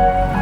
Thank you.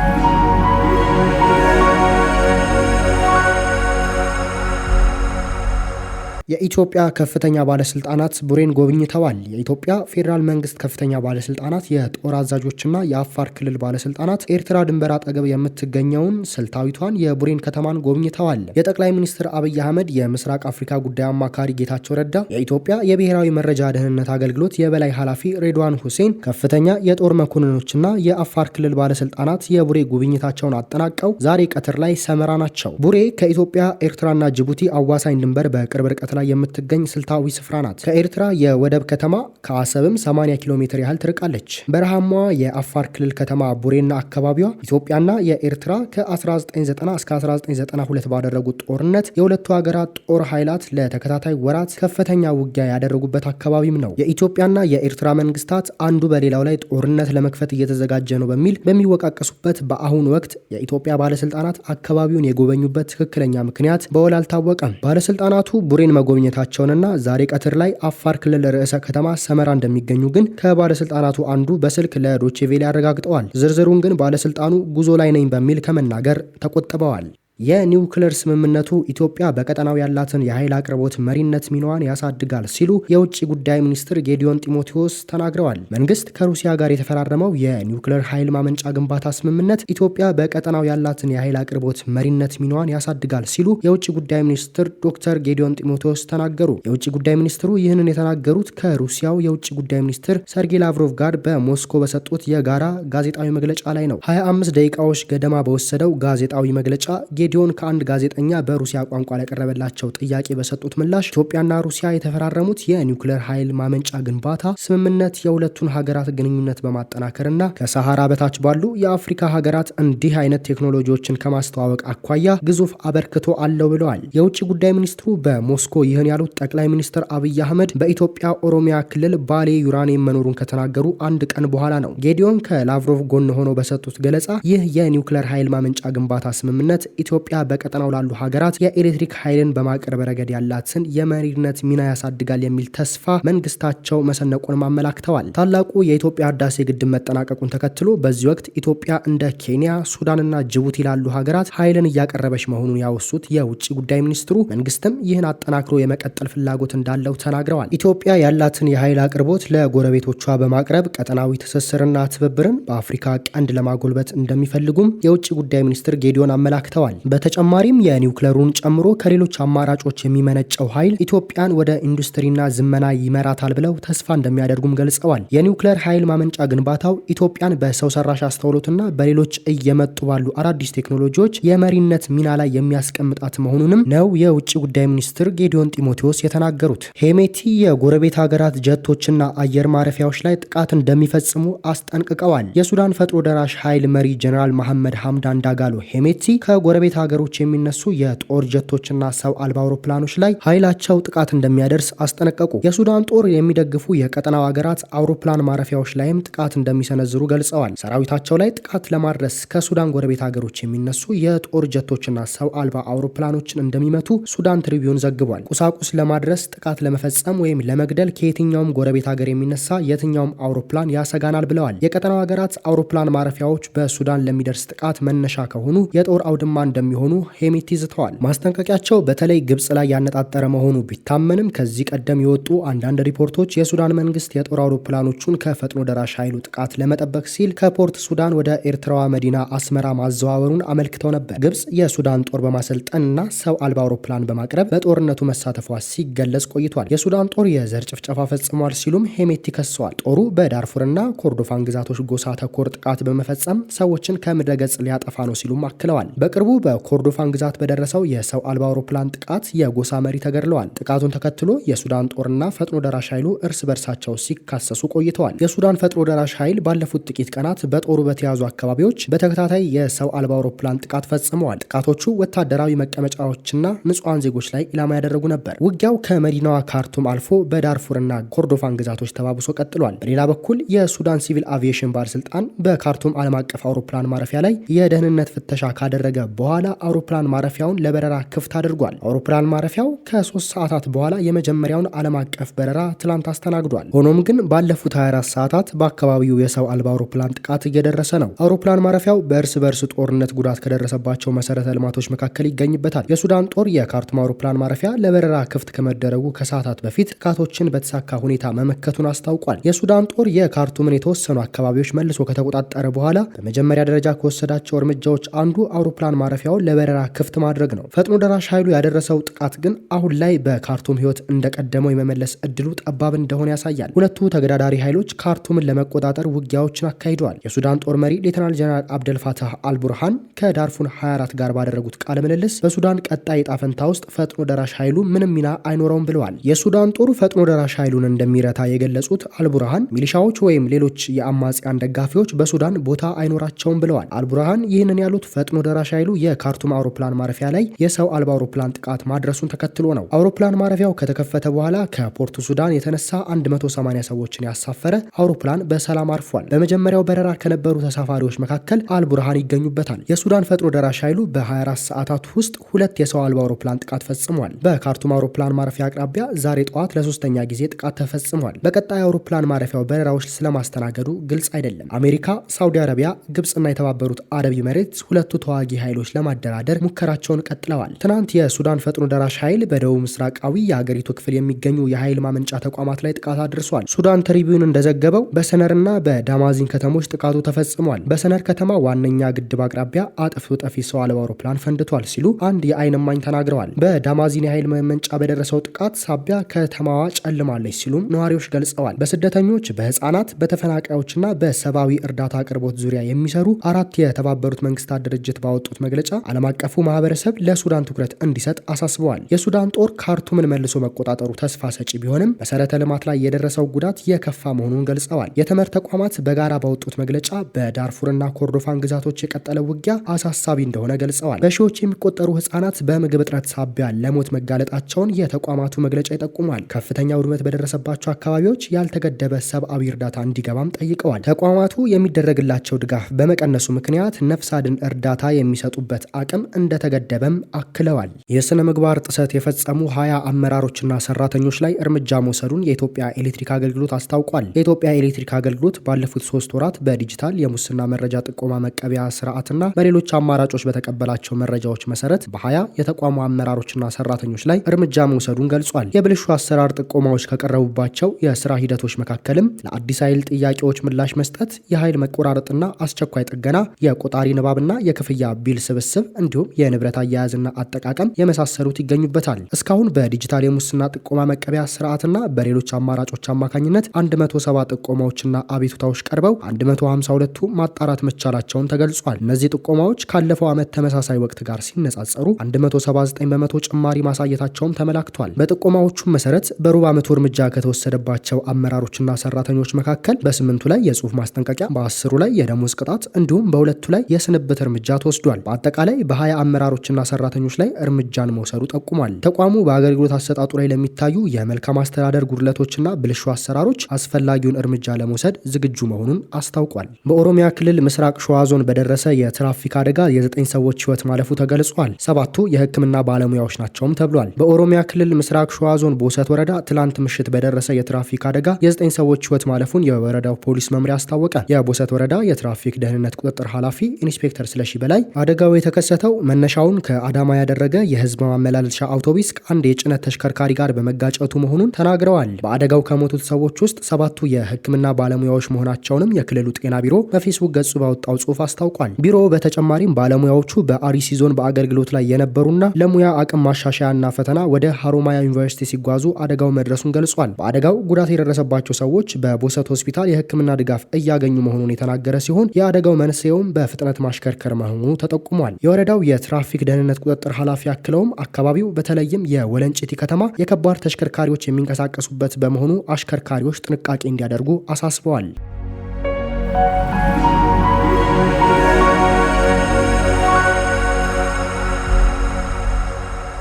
የኢትዮጵያ ከፍተኛ ባለስልጣናት ቡሬን ጎብኝተዋል። የኢትዮጵያ ፌዴራል መንግስት ከፍተኛ ባለስልጣናት፣ የጦር አዛዦችና የአፋር ክልል ባለስልጣናት ኤርትራ ድንበር አጠገብ የምትገኘውን ስልታዊቷን የቡሬን ከተማን ጎብኝተዋል። የጠቅላይ ሚኒስትር አብይ አህመድ የምስራቅ አፍሪካ ጉዳይ አማካሪ ጌታቸው ረዳ፣ የኢትዮጵያ የብሔራዊ መረጃ ደህንነት አገልግሎት የበላይ ኃላፊ ሬድዋን ሁሴን፣ ከፍተኛ የጦር መኮንኖችና የአፋር ክልል ባለስልጣናት የቡሬ ጉብኝታቸውን አጠናቀው ዛሬ ቀትር ላይ ሰመራ ናቸው። ቡሬ ከኢትዮጵያ ኤርትራና ጅቡቲ አዋሳኝ ድንበር በቅርብ ርቀት ላይ የምትገኝ ስልታዊ ስፍራ ናት። ከኤርትራ የወደብ ከተማ ከአሰብም 80 ኪሎ ሜትር ያህል ትርቃለች። በረሃማዋ የአፋር ክልል ከተማ ቡሬና አካባቢዋ ኢትዮጵያና የኤርትራ ከ1990 እስከ 1992 ባደረጉት ጦርነት የሁለቱ ሀገራት ጦር ኃይላት ለተከታታይ ወራት ከፍተኛ ውጊያ ያደረጉበት አካባቢም ነው። የኢትዮጵያና የኤርትራ መንግስታት አንዱ በሌላው ላይ ጦርነት ለመክፈት እየተዘጋጀ ነው በሚል በሚወቃቀሱበት በአሁኑ ወቅት የኢትዮጵያ ባለስልጣናት አካባቢውን የጎበኙበት ትክክለኛ ምክንያት በወል አልታወቀም። ባለስልጣናቱ ቡሬን መጎብኘታቸውንና ዛሬ ቀትር ላይ አፋር ክልል ርዕሰ ከተማ ሰመራ እንደሚገኙ ግን ከባለስልጣናቱ አንዱ በስልክ ለዶቼ ቬሌ አረጋግጠዋል። ዝርዝሩን ግን ባለስልጣኑ ጉዞ ላይ ነኝ በሚል ከመናገር ተቆጥበዋል። የኒውክለር ስምምነቱ ኢትዮጵያ በቀጠናው ያላትን የኃይል አቅርቦት መሪነት ሚናዋን ያሳድጋል ሲሉ የውጭ ጉዳይ ሚኒስትር ጌዲዮን ጢሞቴዎስ ተናግረዋል። መንግስት ከሩሲያ ጋር የተፈራረመው የኒውክለር ኃይል ማመንጫ ግንባታ ስምምነት ኢትዮጵያ በቀጠናው ያላትን የኃይል አቅርቦት መሪነት ሚናዋን ያሳድጋል ሲሉ የውጭ ጉዳይ ሚኒስትር ዶክተር ጌዲዮን ጢሞቴዎስ ተናገሩ። የውጭ ጉዳይ ሚኒስትሩ ይህንን የተናገሩት ከሩሲያው የውጭ ጉዳይ ሚኒስትር ሰርጌይ ላቭሮቭ ጋር በሞስኮ በሰጡት የጋራ ጋዜጣዊ መግለጫ ላይ ነው። 25 ደቂቃዎች ገደማ በወሰደው ጋዜጣዊ መግለጫ ጌዲዮን ከአንድ ጋዜጠኛ በሩሲያ ቋንቋ ለቀረበላቸው ጥያቄ በሰጡት ምላሽ ኢትዮጵያና ሩሲያ የተፈራረሙት የኒውክሌር ኃይል ማመንጫ ግንባታ ስምምነት የሁለቱን ሀገራት ግንኙነት በማጠናከርና ከሰሃራ በታች ባሉ የአፍሪካ ሀገራት እንዲህ አይነት ቴክኖሎጂዎችን ከማስተዋወቅ አኳያ ግዙፍ አበርክቶ አለው ብለዋል። የውጭ ጉዳይ ሚኒስትሩ በሞስኮ ይህን ያሉት ጠቅላይ ሚኒስትር አብይ አህመድ በኢትዮጵያ ኦሮሚያ ክልል ባሌ ዩራኒየም መኖሩን ከተናገሩ አንድ ቀን በኋላ ነው። ጌዲዮን ከላቭሮቭ ጎን ሆነው በሰጡት ገለጻ ይህ የኒውክሌር ኃይል ማመንጫ ግንባታ ስምምነት ኢትዮ ኢትዮጵያ በቀጠናው ላሉ ሀገራት የኤሌክትሪክ ኃይልን በማቅረብ ረገድ ያላትን የመሪነት ሚና ያሳድጋል የሚል ተስፋ መንግስታቸው መሰነቁንም አመላክተዋል። ታላቁ የኢትዮጵያ ህዳሴ ግድብ መጠናቀቁን ተከትሎ በዚህ ወቅት ኢትዮጵያ እንደ ኬንያ፣ ሱዳንና ጅቡቲ ላሉ ሀገራት ኃይልን እያቀረበች መሆኑን ያወሱት የውጭ ጉዳይ ሚኒስትሩ መንግስትም ይህን አጠናክሮ የመቀጠል ፍላጎት እንዳለው ተናግረዋል። ኢትዮጵያ ያላትን የኃይል አቅርቦት ለጎረቤቶቿ በማቅረብ ቀጠናዊ ትስስርና ትብብርን በአፍሪካ ቀንድ ለማጎልበት እንደሚፈልጉም የውጭ ጉዳይ ሚኒስትር ጌዲዮን አመላክተዋል። በተጨማሪም የኒውክለሩን ጨምሮ ከሌሎች አማራጮች የሚመነጨው ኃይል ኢትዮጵያን ወደ ኢንዱስትሪና ዝመና ይመራታል ብለው ተስፋ እንደሚያደርጉም ገልጸዋል። የኒውክለር ኃይል ማመንጫ ግንባታው ኢትዮጵያን በሰው ሰራሽ አስተውሎትና በሌሎች እየመጡ ባሉ አዳዲስ ቴክኖሎጂዎች የመሪነት ሚና ላይ የሚያስቀምጣት መሆኑንም ነው የውጭ ጉዳይ ሚኒስትር ጌዲዮን ጢሞቴዎስ የተናገሩት። ሄሜቲ የጎረቤት ሀገራት ጀቶችና አየር ማረፊያዎች ላይ ጥቃት እንደሚፈጽሙ አስጠንቅቀዋል። የሱዳን ፈጥኖ ደራሽ ኃይል መሪ ጀኔራል መሐመድ ሐምዳን ዳጋሎ ሄሜቲ ከጎረቤት ሀገሮች የሚነሱ የጦር ጀቶችና ሰው አልባ አውሮፕላኖች ላይ ኃይላቸው ጥቃት እንደሚያደርስ አስጠነቀቁ። የሱዳን ጦር የሚደግፉ የቀጠናው ሀገራት አውሮፕላን ማረፊያዎች ላይም ጥቃት እንደሚሰነዝሩ ገልጸዋል። ሰራዊታቸው ላይ ጥቃት ለማድረስ ከሱዳን ጎረቤት ሀገሮች የሚነሱ የጦር ጀቶችና ሰው አልባ አውሮፕላኖችን እንደሚመቱ ሱዳን ትሪቢዩን ዘግቧል። ቁሳቁስ ለማድረስ ጥቃት ለመፈጸም ወይም ለመግደል ከየትኛውም ጎረቤት ሀገር የሚነሳ የትኛውም አውሮፕላን ያሰጋናል ብለዋል። የቀጠናው ሀገራት አውሮፕላን ማረፊያዎች በሱዳን ለሚደርስ ጥቃት መነሻ ከሆኑ የጦር አውድማ እንደሚ እንደሚሆኑ ሄሜቲ ዝተዋል። ማስጠንቀቂያቸው በተለይ ግብጽ ላይ ያነጣጠረ መሆኑ ቢታመንም ከዚህ ቀደም የወጡ አንዳንድ ሪፖርቶች የሱዳን መንግስት የጦር አውሮፕላኖቹን ከፈጥኖ ደራሽ ኃይሉ ጥቃት ለመጠበቅ ሲል ከፖርት ሱዳን ወደ ኤርትራዋ መዲና አስመራ ማዘዋወሩን አመልክተው ነበር። ግብጽ የሱዳን ጦር በማሰልጠንና ሰው አልባ አውሮፕላን በማቅረብ በጦርነቱ መሳተፏ ሲገለጽ ቆይቷል። የሱዳን ጦር የዘር ጭፍጨፋ ፈጽሟል ሲሉም ሄሜቲ ከሰዋል። ጦሩ በዳርፉርና ኮርዶፋን ግዛቶች ጎሳ ተኮር ጥቃት በመፈጸም ሰዎችን ከምድረ ገጽ ሊያጠፋ ነው ሲሉም አክለዋል። በቅርቡ በኮርዶፋን ግዛት በደረሰው የሰው አልባ አውሮፕላን ጥቃት የጎሳ መሪ ተገድለዋል። ጥቃቱን ተከትሎ የሱዳን ጦርና ፈጥኖ ደራሽ ኃይሉ እርስ በርሳቸው ሲካሰሱ ቆይተዋል። የሱዳን ፈጥኖ ደራሽ ኃይል ባለፉት ጥቂት ቀናት በጦሩ በተያዙ አካባቢዎች በተከታታይ የሰው አልባ አውሮፕላን ጥቃት ፈጽመዋል። ጥቃቶቹ ወታደራዊ መቀመጫዎችና ንጹሐን ዜጎች ላይ ኢላማ ያደረጉ ነበር። ውጊያው ከመዲናዋ ካርቱም አልፎ በዳርፉርና ኮርዶፋን ግዛቶች ተባብሶ ቀጥሏል። በሌላ በኩል የሱዳን ሲቪል አቪዬሽን ባለስልጣን በካርቱም ዓለም አቀፍ አውሮፕላን ማረፊያ ላይ የደህንነት ፍተሻ ካደረገ በኋላ በኋላ አውሮፕላን ማረፊያውን ለበረራ ክፍት አድርጓል። አውሮፕላን ማረፊያው ከሶስት ሰዓታት በኋላ የመጀመሪያውን ዓለም አቀፍ በረራ ትላንት አስተናግዷል። ሆኖም ግን ባለፉት 24 ሰዓታት በአካባቢው የሰው አልባ አውሮፕላን ጥቃት እየደረሰ ነው። አውሮፕላን ማረፊያው በእርስ በእርስ ጦርነት ጉዳት ከደረሰባቸው መሰረተ ልማቶች መካከል ይገኝበታል። የሱዳን ጦር የካርቱም አውሮፕላን ማረፊያ ለበረራ ክፍት ከመደረጉ ከሰዓታት በፊት ጥቃቶችን በተሳካ ሁኔታ መመከቱን አስታውቋል። የሱዳን ጦር የካርቱምን የተወሰኑ አካባቢዎች መልሶ ከተቆጣጠረ በኋላ በመጀመሪያ ደረጃ ከወሰዳቸው እርምጃዎች አንዱ አውሮፕላን ማረፊያ ማረፊያውን ለበረራ ክፍት ማድረግ ነው። ፈጥኖ ደራሽ ኃይሉ ያደረሰው ጥቃት ግን አሁን ላይ በካርቱም ህይወት እንደቀደመው የመመለስ እድሉ ጠባብ እንደሆነ ያሳያል። ሁለቱ ተገዳዳሪ ኃይሎች ካርቱምን ለመቆጣጠር ውጊያዎችን አካሂደዋል። የሱዳን ጦር መሪ ሌተናል ጀነራል አብደልፋታህ አልቡርሃን ከዳርፉን 24 ጋር ባደረጉት ቃለ ምልልስ በሱዳን ቀጣይ ጣፈንታ ውስጥ ፈጥኖ ደራሽ ኃይሉ ምንም ሚና አይኖረውም ብለዋል። የሱዳን ጦሩ ፈጥኖ ደራሽ ኃይሉን እንደሚረታ የገለጹት አልቡርሃን ሚሊሻዎች ወይም ሌሎች የአማጽያን ደጋፊዎች በሱዳን ቦታ አይኖራቸውም ብለዋል። አልቡርሃን ይህንን ያሉት ፈጥኖ ደራሽ ኃይሉ የ የካርቱም አውሮፕላን ማረፊያ ላይ የሰው አልባ አውሮፕላን ጥቃት ማድረሱን ተከትሎ ነው። አውሮፕላን ማረፊያው ከተከፈተ በኋላ ከፖርቱ ሱዳን የተነሳ 180 ሰዎችን ያሳፈረ አውሮፕላን በሰላም አርፏል። በመጀመሪያው በረራ ከነበሩ ተሳፋሪዎች መካከል አልቡርሃን ይገኙበታል። የሱዳን ፈጥኖ ደራሽ ኃይሉ በ24 ሰዓታት ውስጥ ሁለት የሰው አልባ አውሮፕላን ጥቃት ፈጽሟል። በካርቱም አውሮፕላን ማረፊያ አቅራቢያ ዛሬ ጠዋት ለሶስተኛ ጊዜ ጥቃት ተፈጽሟል። በቀጣይ አውሮፕላን ማረፊያው በረራዎች ስለማስተናገዱ ግልጽ አይደለም። አሜሪካ፣ ሳውዲ አረቢያ፣ ግብፅና የተባበሩት አረብ ኤምሬትስ ሁለቱ ተዋጊ ኃይሎች ለማ ለማደራደር ሙከራቸውን ቀጥለዋል። ትናንት የሱዳን ፈጥኖ ደራሽ ኃይል በደቡብ ምስራቃዊ የአገሪቱ ክፍል የሚገኙ የኃይል ማመንጫ ተቋማት ላይ ጥቃት አድርሷል። ሱዳን ትሪቢዩን እንደዘገበው በሰነርና በዳማዚን ከተሞች ጥቃቱ ተፈጽሟል። በሰነር ከተማ ዋነኛ ግድብ አቅራቢያ አጥፍቶ ጠፊ ሰው አልባ አውሮፕላን ፈንድቷል ሲሉ አንድ የአይን እማኝ ተናግረዋል። በዳማዚን የኃይል ማመንጫ በደረሰው ጥቃት ሳቢያ ከተማዋ ጨልማለች ሲሉም ነዋሪዎች ገልጸዋል። በስደተኞች፣ በህፃናት፣ በተፈናቃዮችና በሰብአዊ እርዳታ አቅርቦት ዙሪያ የሚሰሩ አራት የተባበሩት መንግስታት ድርጅት ባወጡት መግለጫ ዓለም አቀፉ ማህበረሰብ ለሱዳን ትኩረት እንዲሰጥ አሳስበዋል። የሱዳን ጦር ካርቱምን መልሶ መቆጣጠሩ ተስፋ ሰጪ ቢሆንም መሰረተ ልማት ላይ የደረሰው ጉዳት የከፋ መሆኑን ገልጸዋል። የትምህርት ተቋማት በጋራ ባወጡት መግለጫ በዳርፉርና ኮርዶፋን ግዛቶች የቀጠለው ውጊያ አሳሳቢ እንደሆነ ገልጸዋል። በሺዎች የሚቆጠሩ ህጻናት በምግብ እጥረት ሳቢያ ለሞት መጋለጣቸውን የተቋማቱ መግለጫ ይጠቁማል። ከፍተኛ ውድመት በደረሰባቸው አካባቢዎች ያልተገደበ ሰብአዊ እርዳታ እንዲገባም ጠይቀዋል። ተቋማቱ የሚደረግላቸው ድጋፍ በመቀነሱ ምክንያት ነፍስ አድን እርዳታ የሚሰጡበት አቅም እንደተገደበም አክለዋል። የሥነ ምግባር ጥሰት የፈጸሙ ሀያ አመራሮችና ሰራተኞች ላይ እርምጃ መውሰዱን የኢትዮጵያ ኤሌክትሪክ አገልግሎት አስታውቋል። የኢትዮጵያ ኤሌክትሪክ አገልግሎት ባለፉት ሶስት ወራት በዲጂታል የሙስና መረጃ ጥቆማ መቀበያ ስርዓትና በሌሎች አማራጮች በተቀበላቸው መረጃዎች መሰረት በሀያ የተቋሙ አመራሮችና ሰራተኞች ላይ እርምጃ መውሰዱን ገልጿል። የብልሹ አሰራር ጥቆማዎች ከቀረቡባቸው የስራ ሂደቶች መካከልም ለአዲስ ኃይል ጥያቄዎች ምላሽ መስጠት፣ የኃይል መቆራረጥና አስቸኳይ ጥገና፣ የቆጣሪ ንባብና የክፍያ ቢል ስብስብ ስብስብ እንዲሁም የንብረት አያያዝና አጠቃቀም የመሳሰሉት ይገኙበታል። እስካሁን በዲጂታል የሙስና ጥቆማ መቀበያ ስርዓትና በሌሎች አማራጮች አማካኝነት 170 ጥቆማዎችና አቤቱታዎች ቀርበው 152ቱ ማጣራት መቻላቸውን ተገልጿል። እነዚህ ጥቆማዎች ካለፈው ዓመት ተመሳሳይ ወቅት ጋር ሲነጻጸሩ 179 በመቶ ጭማሪ ማሳየታቸውም ተመላክቷል። በጥቆማዎቹም መሰረት በሩብ ዓመቱ እርምጃ ከተወሰደባቸው አመራሮችና ሰራተኞች መካከል በስምንቱ ላይ የጽሁፍ ማስጠንቀቂያ፣ በአስሩ ላይ የደሞዝ ቅጣት እንዲሁም በሁለቱ ላይ የስንብት እርምጃ ተወስዷል። በአጠቃላይ በሀያ አመራሮችና ሰራተኞች ላይ እርምጃን መውሰዱ ጠቁሟል። ተቋሙ በአገልግሎት አሰጣጡ ላይ ለሚታዩ የመልካም አስተዳደር ጉድለቶችና ብልሹ አሰራሮች አስፈላጊውን እርምጃ ለመውሰድ ዝግጁ መሆኑን አስታውቋል። በኦሮሚያ ክልል ምስራቅ ሸዋ ዞን በደረሰ የትራፊክ አደጋ የዘጠኝ ሰዎች ህይወት ማለፉ ተገልጿል። ሰባቱ የህክምና ባለሙያዎች ናቸውም ተብሏል። በኦሮሚያ ክልል ምስራቅ ሸዋ ዞን ቦሰት ወረዳ ትላንት ምሽት በደረሰ የትራፊክ አደጋ የዘጠኝ ሰዎች ህይወት ማለፉን የወረዳው ፖሊስ መምሪያ አስታወቀ። የቦሰት ወረዳ የትራፊክ ደህንነት ቁጥጥር ኃላፊ ኢንስፔክተር ስለሺ በላይ አደጋው የተከሰተው መነሻውን ከአዳማ ያደረገ የህዝብ ማመላለሻ አውቶቡስ ከአንድ የጭነት ተሽከርካሪ ጋር በመጋጨቱ መሆኑን ተናግረዋል። በአደጋው ከሞቱት ሰዎች ውስጥ ሰባቱ የህክምና ባለሙያዎች መሆናቸውንም የክልሉ ጤና ቢሮ በፌስቡክ ገጹ ባወጣው ጽሁፍ አስታውቋል። ቢሮው በተጨማሪም ባለሙያዎቹ በአሪሲ ዞን በአገልግሎት ላይ የነበሩና ለሙያ አቅም ማሻሻያና ፈተና ወደ ሀሮማያ ዩኒቨርሲቲ ሲጓዙ አደጋው መድረሱን ገልጿል። በአደጋው ጉዳት የደረሰባቸው ሰዎች በቦሰት ሆስፒታል የህክምና ድጋፍ እያገኙ መሆኑን የተናገረ ሲሆን የአደጋው መንስኤውም በፍጥነት ማሽከርከር መሆኑ ተጠቁሟል። የወረዳው የትራፊክ ደህንነት ቁጥጥር ኃላፊ አክለውም አካባቢው በተለይም የወለንጭቲ ከተማ የከባድ ተሽከርካሪዎች የሚንቀሳቀሱበት በመሆኑ አሽከርካሪዎች ጥንቃቄ እንዲያደርጉ አሳስበዋል።